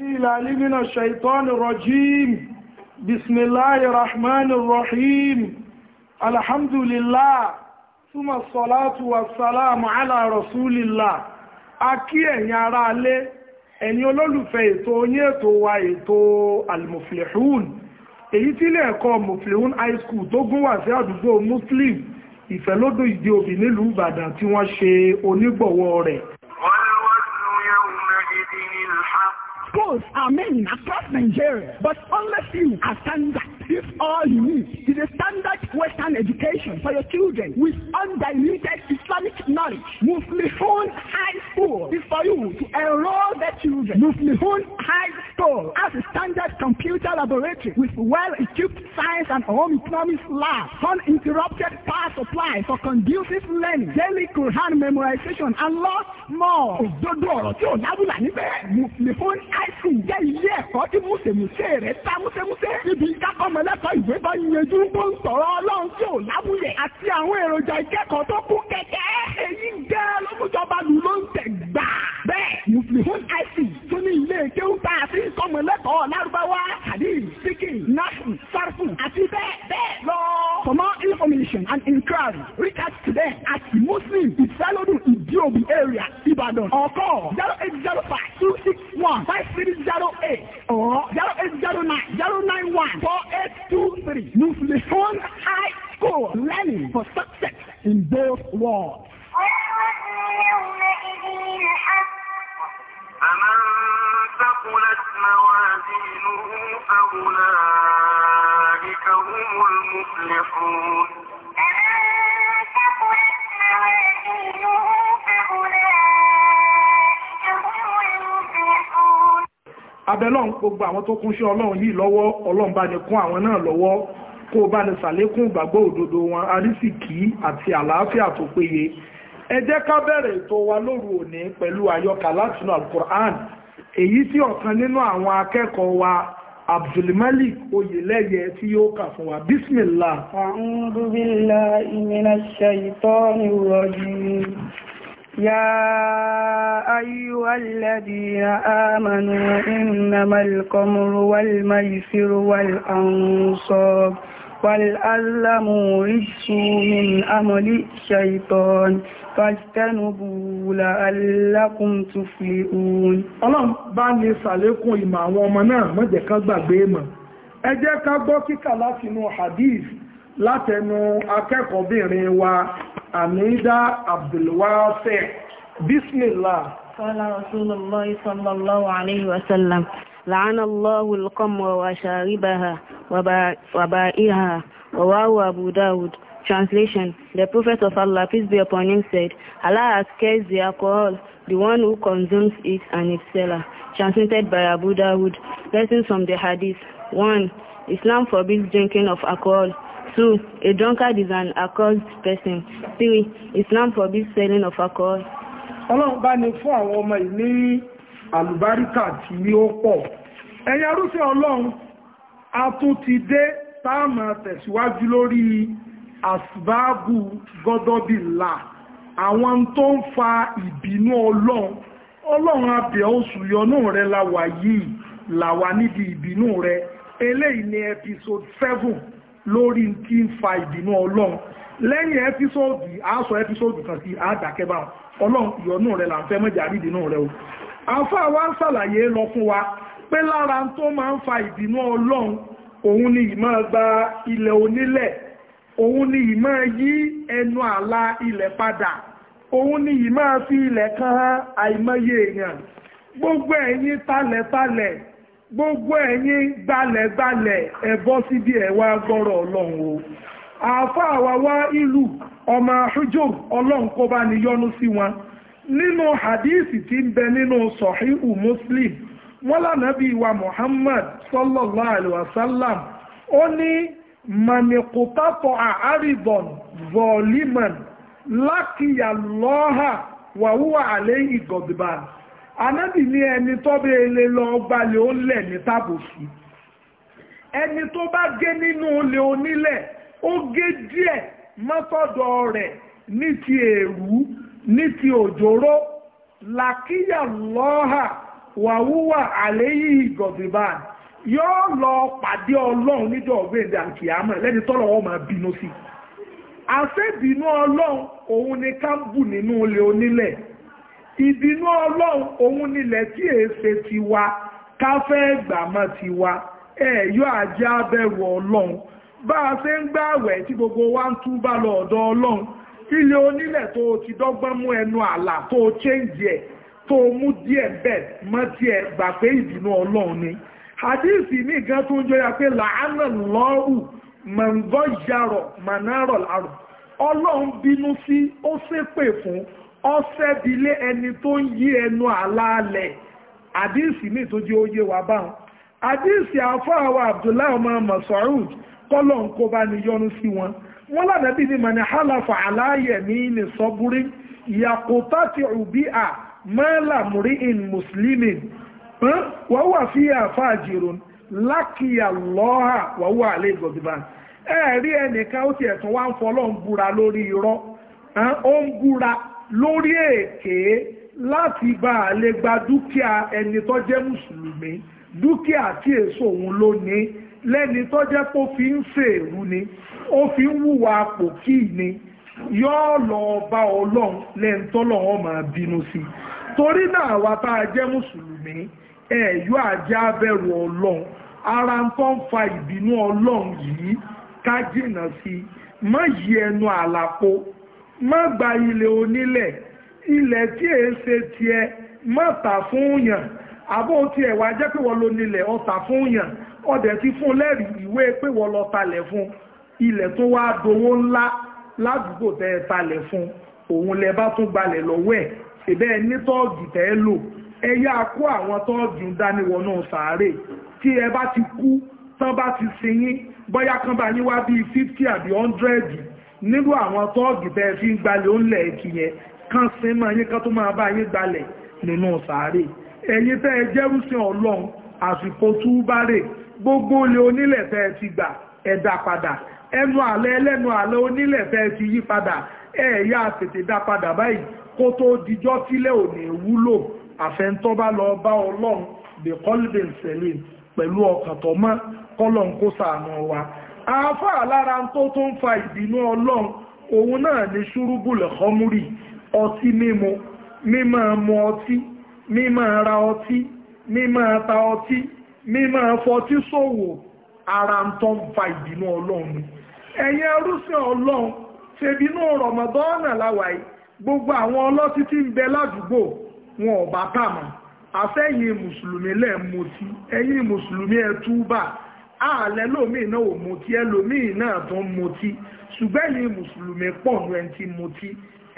العلي من الشيطان الرجيم بسم الله الرحمن الرحيم الحمد لله ثم الصلاة والسلام على رسول الله akí ẹ̀yin ará alẹ́ ẹ̀yin olólùfẹ́ ètò oní ètò wa ètò almuflihun èyí tí ilé ẹ̀kọ́ muflihun high school tó gún wà sí àdúgbò muslim ìfẹ́lódò ìdí òbí nílùú ìbàdàn tí wọ́n ṣe onígbọ̀wọ́ rẹ̀ Schools are meant across Nigeria, but unless you are standard If all you need is a standard Western education for your children with undiluted Islamic knowledge, Muflihun High School is for you to enroll their children. Muflihun High School has a standard computer laboratory with well-equipped science and home economics labs, uninterrupted power supply for conducive learning, daily Quran memorization, and lots more. Òdodo ọ̀rọ̀ tí ò lábùlà Muflihun High School jẹ́ ilé ẹ̀kọ́ tí Mùsèmùsè rẹ̀ ta Mùsèmùsè níbi kákọ́m mọ̀lẹ́kọ̀ọ́ ìwé bá yanjú tó ń sọ̀rọ̀ ọlọ́run tí ò lábúlẹ̀ àti àwọn èròjà ìkẹ́kọ̀ọ́ tó kún kẹ̀kẹ́. èyí gẹ́ lókùjọba lù ló ń tẹ̀ gbà. bẹ́ẹ̀ mùsùlùmí àìsí tó ní ilé kéwú tá a fi ń kọ́ mọ̀lẹ́kọ̀ọ́ lárúbáwá àdí síkì náfù sárfù àti bẹ́ẹ̀ bẹ́ẹ̀ lọ. For more information and inquiry, reach out to them at Muslim Ifelodun Idiobi area, Ibadan, or call 0805 261 5308 or 0 victory. Muflihun high score planning for success in both wars. فمن ثقلت موازينه فأولئك هم المفلحون abẹ́lọ́n gbogbo àwọn tó kúnṣẹ́ ọlọ́run yìí lọ́wọ́ ọlọ́run bá ní kún àwọn náà lọ́wọ́ kó bá ní sàlékún ìgbàgbọ́ òdodo wọn arísìkí àti àlàáfíà tó péye ẹ jẹ́ ká bẹ̀rẹ̀ ètò wa lóru òní pẹ̀lú àyọkà látinú alukur'an èyí tí ọ̀kan nínú àwọn akẹ́kọ̀ọ́ wa abdulmalik oyeleye tí yóò kà fún wa bismillah. يا أيها الذين آمنوا إنما القمر والميسر والأنصاب والألم رجس من أمل الشيطان فاجتنبوا لعلكم تفلحون Ọlọ́run bá ní ṣàlékún ìmọ̀ àwọn ọmọ náà má jẹ́ ká gbàgbé mọ̀ ẹ jẹ́ ká gbọ́ kíkà látinú hadith látẹnu akẹ́kọ̀ọ́bìnrin wa àmìdá abdulwafẹ́ bísmìlá. Kọ́lá Rasulullah sallallahu alayhi wa sallam, la'ana Allahu al-qamra wa sharibaha wa ba'iha wa wahu Abu Dawud. Translation, the Prophet of Allah, peace be upon him, said, Allah has cursed the alcohol, the one who consumes it and its seller. Transmitted by Abu Dawud. Lessons from the Hadith. 1. Islam forbids drinking of alcohol. 2. A drunkard is an accursed person. 3. Islam forbids selling of alcohol. Ọlọ́run bá ní fún àwọn ọmọ yìí ní àlùbáríkà tí ó pọ̀. Ẹ̀yin arúfẹ́ Ọlọ́run, a tún ti dé táàmù tẹ̀síwájú lórí àsìbáàbù gọ́dọ́bìlà. Àwọn tó ń fa ìbínú Ọlọ́run. Ọlọ́run abẹ̀ oṣù yọnú rẹ la yìí, làwà níbi ìbínú rẹ. Eléyìí ni episode 7 lórí tí ń fa ìbínú ọlọ́run lẹ́yìn ẹ́písọ́ọ̀dù àásọ ẹ́písọ́ọ̀dù kan sí àdàkẹ́bà ọlọ́run ìyọnú rẹ̀ là ń fẹ́ mọ́jà rí ìbínú rẹ̀ o àfa wa ń ṣàlàyé lọ fún wa pé lára tó máa ń fa ìbínú ọlọ́run òun ni ìmọ̀ gba ilẹ̀ onílẹ̀ òun ni ìmọ̀ yí ẹnu àlà ilẹ̀ padà òun ni gbogbo ẹ̀yin gbalẹ̀gbalẹ̀ ẹ̀bọ́ síbi ẹ̀wà gbọ́rọ̀ ọlọ́run o àáfàá wa wá ìlú ọmọ àṣújò ọlọ́run kó bá ní yọ́nú sí wọn nínú hadisi tí ń bẹ nínú sọ̀híhù muslim wọ́n lánàbí wa muhammad sallallahu alaihi wasallam ó ní manikutatọ̀ àárìbọ̀n zọ̀ọ́límọ̀n lákìyà lọ́hà wàhúwà àlẹ́ ìgọ̀dìbàn anábì ní ẹni tó lọ gbalẹ̀ ó lẹ̀ ní tàbùsù ẹni tó bá gé nínú olè onílẹ̀ ó gé díẹ̀ mọ́tọ́dọ̀ rẹ̀ ní ti èrú ní ti òjòró làkíyà lọ́hà wàwúwà àléyí ìgọ̀dìbà yóò lọ pàdé ọlọ́run níjọ́ ọ̀gbẹ́ndẹ̀ àkìyàmọ̀ lẹ́ni tọ́lọ̀ wọn máa bínú sí àṣẹ́bínú ọlọ́run ni ká bù nínú olè ìbínú ọlọ́run òun nílẹ̀ tí ti wá ká fẹ́ gbàmọ́ ti wa ẹ̀yọ́ àjẹ́ abẹ́wò ọlọ́run bá a ṣe ń tí gbogbo wa ń tún bá lọ ọ̀dọ̀ ọlọ́run ilé onílẹ̀ tó ti dọ́gbọ́n mú ẹnu àlà tó ẹ̀ tó mú díẹ̀ bẹ́ẹ̀ mọ́ gbà pé ìbínú ọlọ́run ni tó ń jọra pé làánà lọ́rù mọ̀ngọ́ yarọ̀ ọlọ́run bínú sí ó fún ọ́sẹ́bilé ẹni tó ń yí ẹnu àlàálẹ̀ àdíìsì ní ìtòjú oyé wa báwọn àdíìsì àfáàwọ̀ abdullahi ọmọ masoud kọ́lọ̀ ń kó bá ní yọnu sí wọn wọn lànàbí ni mani halafa aláyẹ̀ ní ní sọ́búrí ìyàkótá ti òbí a mọ́là múrí in mùsùlùmí wọ́n wà fi àfáà jìrún lákìyà lọ́hà wọ́n wà lè gọ̀dìbà ẹ̀ẹ́rí ẹnìkan ó ti ẹ̀tún wá ń fọlọ́ ń búra lórí irọ́ ó ń búra lórí èké láti bá a lè gba dúkìá ẹni tó jẹ́ mùsùlùmí dúkìá tí èso òun ló ní lẹ́ni tó jẹ́ pó fi ń fèrú ni ó fi ń wùwà pòkì ni yóò lọ bá ọlọ́run lẹ́ńtọ́lọ́ wọn máa bínú sí torí náà wá tá a jẹ́ mùsùlùmí ẹ̀yọ́ àjẹ́ abẹ́rù ọlọ́run ara ń tó ń fa ìbínú ọlọ́run yìí ká jìnnà sí má yí ẹnu àlàpọ̀ má gba ilẹ̀ onílẹ̀ ilẹ̀ tí èé ṣe tiẹ̀ má tà fún yàn àbọ̀ tí ẹ̀ wá jẹ́ pé wọ́n lo nílẹ̀ ọ̀tà fún yàn ọdẹ ti fún lẹ́rìí ìwé pé wọ́n lọ talẹ̀ fún ilẹ̀ tó wá dowó ńlá ládùúgbò tẹ́ ẹ talẹ̀ fún òun lẹ bá tún gbalẹ̀ lọ́wọ́ ẹ̀ ṣèbẹ́ ẹ ní tọ́ọ̀gì tẹ́ ẹ lò ẹ yá kó àwọn tọ́ọ̀gì ń dání wọnú sàárè tí ẹ bá ti kú tán bá ti sin yín bóyá kan bá yín wá bíi fifty àbí hundred nínú àwọn tọ́ọ̀gì bẹ́ẹ̀ fi ń gbalẹ̀ ó lẹ̀ kì yẹn kán sí máa yín kán tó máa bá yín gbalẹ̀ nínú sàárè ẹ̀yin tẹ́ ẹ jẹ́rú sí ọlọ́run àsìkò túbárè gbogbo olè onílẹ̀ tẹ́ ẹ ti gbà ẹ dá padà ẹnu àlẹ́ ẹlẹ́nu àlẹ́ onílẹ̀ tẹ́ ẹ ti yí padà ẹ yá tètè dá padà báyìí kó tó dijọ́ tílẹ̀ ò ní wúlò àfẹ́ntọ́ bá lọ bá ọlọ́run bẹ̀kọ́lbẹ̀ sẹ̀lẹ̀ pẹ̀lú ọkàn tọ́mọ́ kọ́lọ̀ ń kó sàánú wa àáfàá lára tó tó ń fa ìbínú ọlọ́run òun náà ni ṣúrúbùlẹ̀ kọmúrì ọtí mímu mímọ́ mu ọtí mímọ́ ra ọtí mímọ́ ta ọtí mímọ́ fọtí ṣòwò ara tó ń fa ìbínú ọlọ́run ẹ̀yin arúsìn ọlọ́run ṣèbínú rọ̀mọ̀dọ́nà láwàá gbogbo àwọn ọlọ́tí tí ń bẹ ládùúgbò wọn ò bá tàmà àfẹ́yìn mùsùlùmí lẹ́ẹ̀mọ́tí ẹ̀yin mùsùlùmí ẹ̀túbà ààlẹ́ lómi náà ò mutí ẹlòmíì náà tó ń mutí ṣùgbọ́n ní mùsùlùmí pọ̀ ní ẹni tí mutí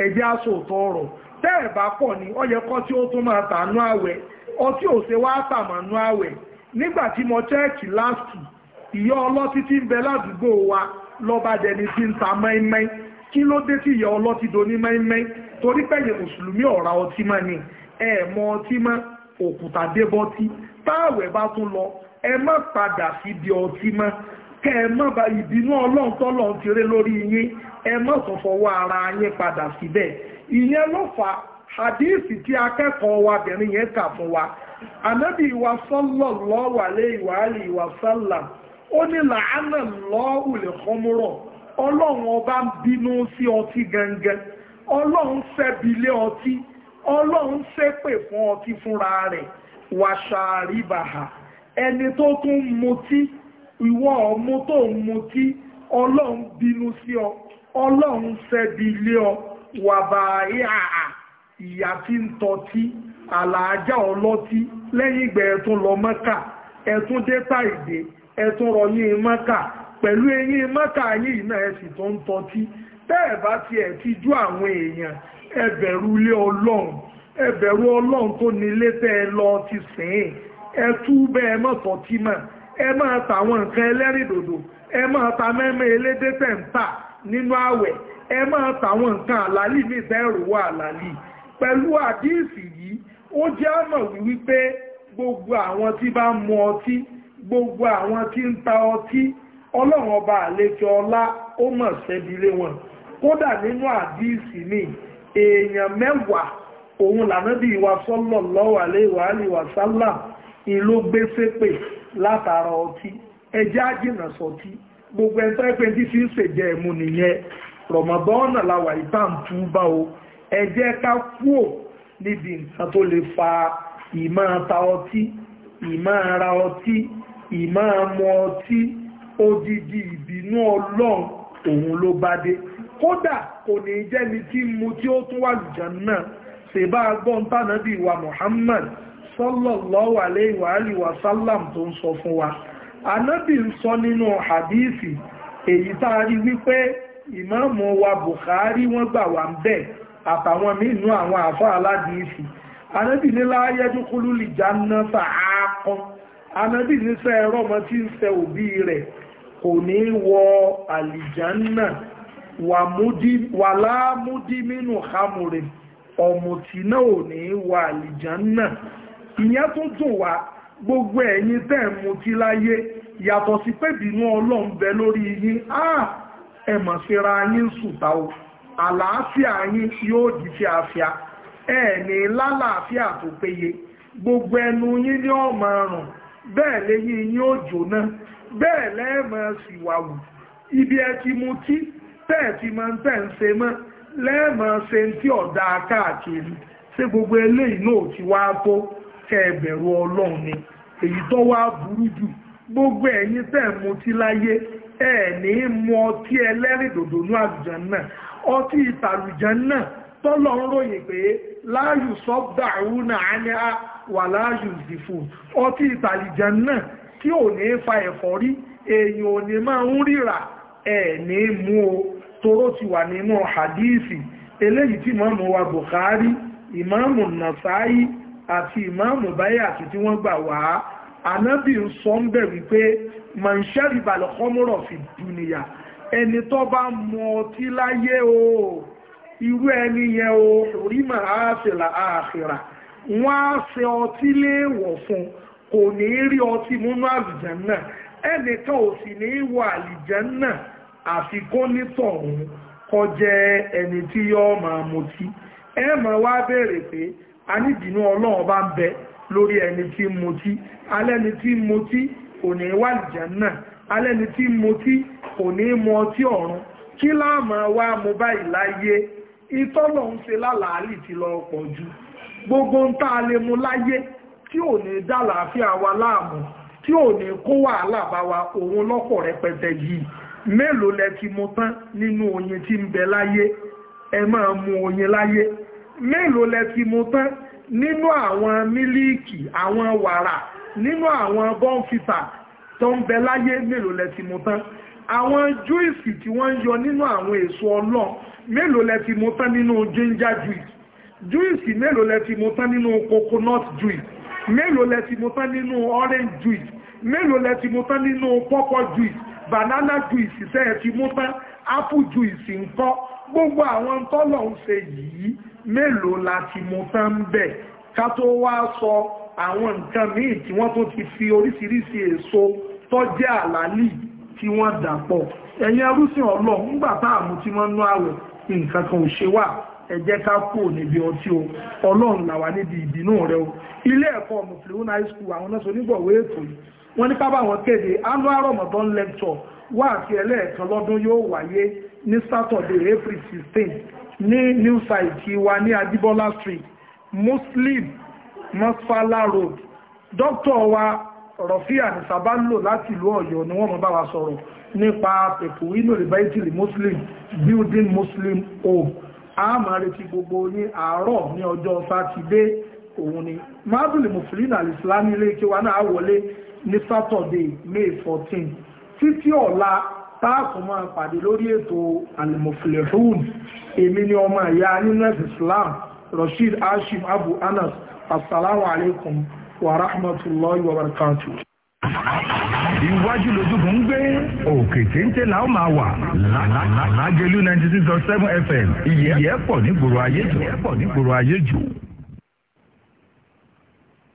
ẹjẹ́ àsòótọ́ ọ̀rọ̀ tẹ́ẹ̀ bá pọ̀ ní ọyẹ kọ́ tí ó tó máa tànú àwẹ̀ ọtí ò ṣe wá tàmánú àwẹ̀ nígbà tí mo chẹ́ẹ̀kì láàsì ìyá ọlọ́tí tí ń bẹ ládùúgbò wa lọ́ba jẹni tí ń ta mẹ́ẹ́mẹ́ kí ló dé tí ìyá ọlọ́tí do ní mẹ́ẹ́mẹ́ torí pẹ̀yẹ mùsùlùmí ọ̀ra ọtí mọ́ ni ẹ̀ẹ̀mọ ọtí mọ́ òkúta ẹ má padà síbi ọtí mọ́ kẹ ẹ má ba ìbínú ọlọ́run tọ́lọ́run ti ré lórí yín ẹ má sọ̀fọ̀wọ́ ara yín padà síbẹ̀ ìyẹn ló fà hadith tí akẹ́kọ̀ọ́ wa bẹ̀rin yẹn kà fún wa anábì wa sallallahu alayhi wa alihi wa sallam ó ní làánà lọ́ọ̀hù lè kọ́múrọ̀ ọlọ́run ọba ń bínú sí ọtí gangan ọlọ́run ṣẹ́bi lé ọtí ọlọ́run ṣépè fún ọtí fúnra rẹ̀ wàṣà àríbàhà ẹni tó tún mutí ìwọ ọmú tó ń mutí ọlọ́run bínú sí ọ ọlọ́run ṣẹ́bi ilé ọ wàbà ìhà ìyà tí ń tọ́tí àlàájá ọlọ́tí lẹ́yìn ìgbà ẹ̀tún lọ mọ́kà ẹ̀tún dé tàìdé ẹ̀tún rọyìn mọ́kà pẹ̀lú eyín mọ́kà yìí náà ẹ̀sì tó ń tọ́tí bẹ́ẹ̀ bá ti ẹ̀ ti jú àwọn èèyàn ẹbẹ̀rù ilé ọlọ́run ẹbẹ̀rù ọlọ́run tó nílé tẹ́ ẹ lọ ti sìn ẹtú bẹ́ẹ̀ mọ́tọ̀ tí mà ẹ máa ta àwọn nǹkan ẹlẹ́rìndòdò ẹ máa ta mẹ́mẹ́ elédè tẹ̀ǹtà nínú ààwẹ̀ ẹ máa ta àwọn nǹkan àlàlì ní ìbẹ́rùwò àlàlì pẹ̀lú àdíìsì yìí ó jẹ́ àmọ̀ wípé gbogbo àwọn tí bá mu ọtí gbogbo àwọn tí ń ta ọtí ọlọ́run ọba àlejò ọlá ó mọ̀ sẹ́bílé wọn kódà nínú àdíìsì ni èèyàn mẹ́wàá òun lànà bí ìwà sallallahu alaihi wa alihi wa sallam ìlú gbé sépè látara ọtí ẹjẹ́ àjìnà sọtí gbogbo ẹ̀ntọ́ ẹ̀pẹ́ tí fi ń ṣèjẹ́ ẹ̀mú nìyẹn rọ̀mọ̀bọ́ọ̀nà làwà ìbá ń tú bá o ẹjẹ́ ká kúò níbi nǹkan tó lè fa ìmọ̀ ta ọtí ìmọ̀ ra ọtí ìmọ̀ ọtí odidi ìbínú ọlọ́run òun ló bá dé kódà kò ní jẹ́ni tí mu tí ó tún wà lùjọ́ náà ṣèbá gbọ́ntànà wa Muhammad sallallahu alayhi wa alihi wa sallam tó ń sọ fún wa anábì ń sọ nínú hadithi èyí tá a rí wípé ìmáàmù wa Bukhari wọ́n gbà wá ń bẹ̀ àtàwọn mínú àwọn àfọ́ aládìísì anábì ní láyẹ́jú kúlú lè jáná ta àákan anábì ní sẹ́ ọmọ tí ń ní wà láàmúdí mínú náà ìyẹn tó dùn wá gbogbo ẹ̀yin tẹ́ ẹ̀ mú ti láyé yàtọ̀ sí pé bínú ọlọ́run bẹ lórí yín ẹ mà síra yín sùtà o àlàáfíà yín yóò di fíafíà ẹ ní lálàáfíà tó péye gbogbo ẹnu yín ní ọmọ rùn bẹ́ẹ̀ lẹ́yìn yín ó jóná bẹ́ẹ̀ lẹ́ẹ̀mọ̀ síwáwù ibi ẹ ti mu tí tẹ́ẹ̀ ti máa ń ń ṣe mọ́ lẹ́ẹ̀mọ̀ ṣe ń tí ọ̀dà káàkiri ṣé gbogbo eléyìí náà ti wá tó kẹ́ẹ̀bẹ̀rù ọlọ́run ni èyí tó wá burú jù gbogbo ẹ̀yin tẹ́ ẹ̀ mutí láyé ẹ̀ ní mu ọtí ẹlẹ́rìndòdò ní àlùjàn náà ọtí ìtàlùjàn náà tọ́lọ ń ròyìn pé láàyù sọ́gbà wà láàyù ìdìfò ọtí náà tí ò ní fa èèyàn ò ní máa ń ríra ẹ̀ ti wà nínú eléyìí tí wa àti ìmáàmù báyìí àti tí wọ́n gbà wá anábì ń sọ ń bẹ̀ wípé manṣẹ́rì balẹ̀kọ́mọ́rọ̀ fi dùnìyà ẹni tó bá mu ọtí láyé o irú ẹni yẹn o orí màá fìlà àfìrà wọ́n á ṣe ọtí léèwọ̀ fún kò ní rí ọtí múnú àlùjànnà ẹnìkan ò sì ní wọ àlùjànnà àfi kó nítọ̀ ọ̀hún kọjẹ ẹni tí yọ́ máa mutí ẹ máa wá bèèrè pé a ní ìdínú ọlọ́run bá ń bẹ lórí ẹni tí ń mutí alẹ́ni tí ń mutí kò ní wà lìjánà alẹ́ni tí ń mutí kò ní mu ọtí ọ̀run kí láàmú wa mu báyìí láyé ìtọ́lọ̀ ń ṣe lálàálì ti lọ pọ̀ jù gbogbo ń tá a lè mu láyé tí ò ní dá làáfíà wa láàmú tí ò ní kó wàhálà bá wa òun lọ́pọ̀ rẹpẹtẹ yìí mélòó lẹ ti mu tán nínú oyin tí ń bẹ láyé ẹ máa mu oyin láyé mélòó lẹ ti mu tán nínú àwọn mílíìkì àwọn wàrà nínú àwọn bọ́ǹfìtà tó ń bẹ láyé mélòó lẹ ti mu tán àwọn júìsì tí wọ́n ń yọ nínú àwọn èso ọlọ́ọ̀ mélòó lẹ ti mu tán nínú ginger juice júìsì mélòó lẹ ti mu tán nínú coconut juice mélòó lẹ ti mu tán nínú orange juice mélòó lẹ ti mu tán nínú pọ́pọ́ juice banana juice tẹ́ ẹ ti mu tán ápùjù ìsìnkọ́ gbogbo àwọn tọ́lọ̀ ń ṣe yìí mélòó la ti mú tán bẹ̀ ká tó wá sọ àwọn nǹkan míì tí wọ́n tó ti fi oríṣiríṣi èso tọ́jẹ́ àlálì tí wọ́n dàpọ̀ ẹ̀yin arúsìn ọlọ́ ńgbà tá àmú tí wọ́n nú àwẹ̀ nǹkan kan ò ṣe wà ẹ jẹ́ ká kú níbi ọtí o ọlọ́run là wà níbi ìbínú rẹ o ilé ẹ̀kọ́ mùsùlùmí high school àwọn náà sọ nígbọ̀wé ètò yìí wọ́n ní ká bá wọn kéde annual Ramadan lecture wáàsí ẹlẹ́ẹ̀kan lọ́dún yóò wáyé ní saturday april 16 ní new site wa ní ajibola street muslim masfala road dókítà wa rọ̀fíà ní sábàlò láti ìlú ọ̀yọ́ ni wọ́n mọ̀ bá wa sọ̀rọ̀ nípa pẹ̀kú inú ìbáyítìlì muslim building muslim home a máa retí gbogbo yín àárọ̀ ní ọjọ́ sátidé òun ni mábùlì mùsùlùmí àlìsílámì ilé kí wa náà wọlé ní saturday may 14 títí ọ̀la táàkù máa pàdé lórí ètò alimofilehun èmi ni ọmọ ìyá nínú ẹ̀sìn Islam Rashid ashim Abu Anas assalamu alaikum wa rahmatullahi wa barakatuh iwájú lójúkùn ń gbé òkè téńté la ó máa wà lágẹlú ninety six dot seven fm ìyẹ́ pọ̀ nígboro ayé jù.